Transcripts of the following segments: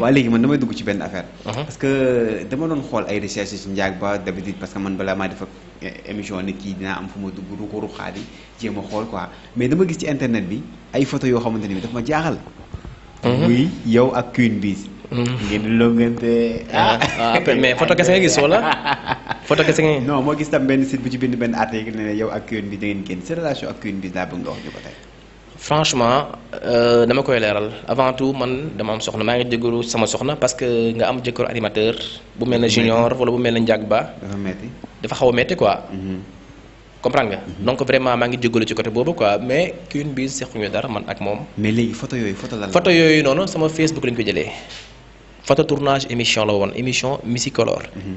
waaye léegi man damay dugg ci benn affaire. Uh-huh. parce que dama doon xool ay recherche ci njaag ba d'habitude parce que man balaa maa def ak eh, émission ni kii dinaa am fu dugg ruuxu ruuxaat yi jéem a xool quoi mais dama gis ci internet bi ay photo yoo xamante ni bi daf ma jaaxal. Uh-huh. muy yow ak Queen Biz. Uh-huh. ngeen di longante ah. ah mais photo kese nga gis wala photo kese nga. non moo gis tam benn site bu ci bind benn article ne yow ak Queen Biz da ngeen génn sa relation ak Queen Biz daa bëgg nga wax franchement euh, avant tout je dama am soxna parce que je suis animateur je suis junior wala bu ne Je xaw mhm. mhm. donc vraiment je ngi ci côté quoi mais qu'une bise, qui dara man mais les photo photo la. photo c'est Facebook ko photo tournage émission émission Musicolor. Mhm.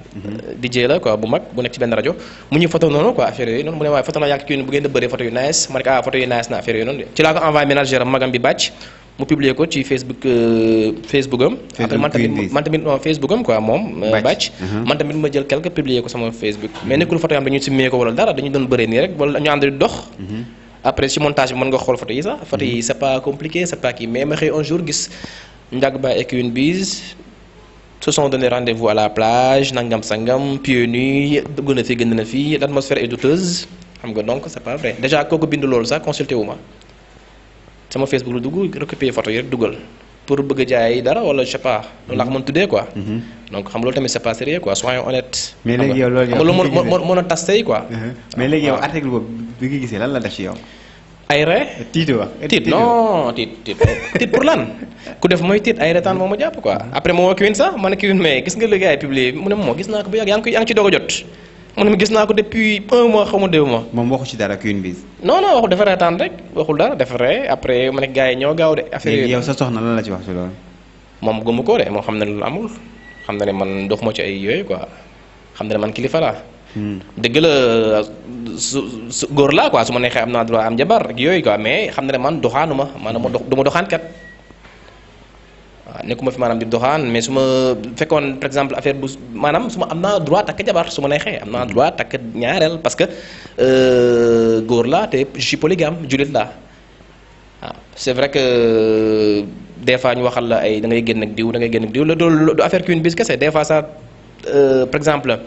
Euh, DJ la quoi bu mag bu nekk ci benn rajo mu ñu photo noonu quoi affaire yooyu noonu mu ne waaye photo naa yàgg kii bu ngeen di bëree photo yu nice ma ko ah, am euh, man tamit man tamit ma jël quelque publier ko sama Facebook. mais uh-huh. nekkul photo yoo dañu simmee ko wala dara dañu doon bëree nii rek wala ñu ànd di dox. Uh-huh. après ci montage bi mën nga xool photo yi sax. photo yi uh-huh. c'est pas compliqué c'est pas kii mais ma xëy un jour gis Ndiaga Ba ak se sont donné rendez-vous à la plage nangam sangam pieds nus l'atmosphère est douteuse donc c'est pas vrai déjà quand bind ça, Consultez-moi. ma Facebook je récupérer photo yi rek pour bëgg jaay dara je sais pas. Je ne sais quoi. Mm-hmm. donc c'est pas sérieux soyons honnêtes. mais les a mm-hmm. mais article ont la aire tido Tido. no tido. Tido tid pour lan ku def mooy tit aire tan moom ma jàpp quoi après mo kiwin sa? ma ne kiwin mais gis nga le gars yi publié mu ne mo gis naa ko bu yàgg yaa ngi yaa ngi ci mau, a jot mu ne ma gis naa ko depuis un mois xaw ma deux mois waxu ci dara kiwin bi non non waxul dafa reetaan rek waxul dara dafa ree après ma ne gars yi ñoo gaaw de affaire yow sa soxna lan la ci wax ci loolu moom de amul ne man doxuma ci ay yoy quoi xam ne man kilifa deug eh, la gor la quoi suma nexe amna droit am jabar ak yoy quoi mais xamna ne man doxaanu ma maanaam doxan kat ah, nekuma fi manam di doxan mais suma fekkone par exemple affaire bu manam suma amna droit tak jabar suma nexe eh. amna droit tak ñaarel parce que eh, gor la te je suis polygame julit la ah, c'est vrai que des fois ñu waxal la ay da ngay genn ak diw da ngay genn ak diw la do affaire qu'une bis kese des fois ça par exemple.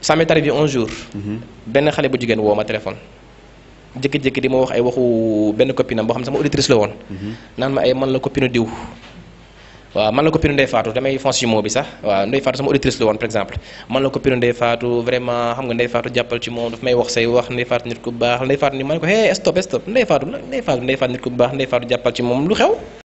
ça m'est arrivé un jour. Mhm. ben xalé bu jigéen wo ma téléphone. jékki-jékki di ma wax ay waxu ben copine am boo xam sama auditrice la won mhm. naan ma ay eh, man la copine diw. wa man la copine ndey Fatou damay fonci mot bi sax wa ndey Fatou sama auditrice la won par exemple man la copine ndey Fatou vraiment xam nga ndey Fatou jappal ci moom daf may wax say wax ndey Fatou nit ku baax ndey Fatou ni man ko hé eh, stop stop ndey Fatou ndey Fatou ndey Fatou nit ku baax ndey Fatou jappal ci mom lu xew.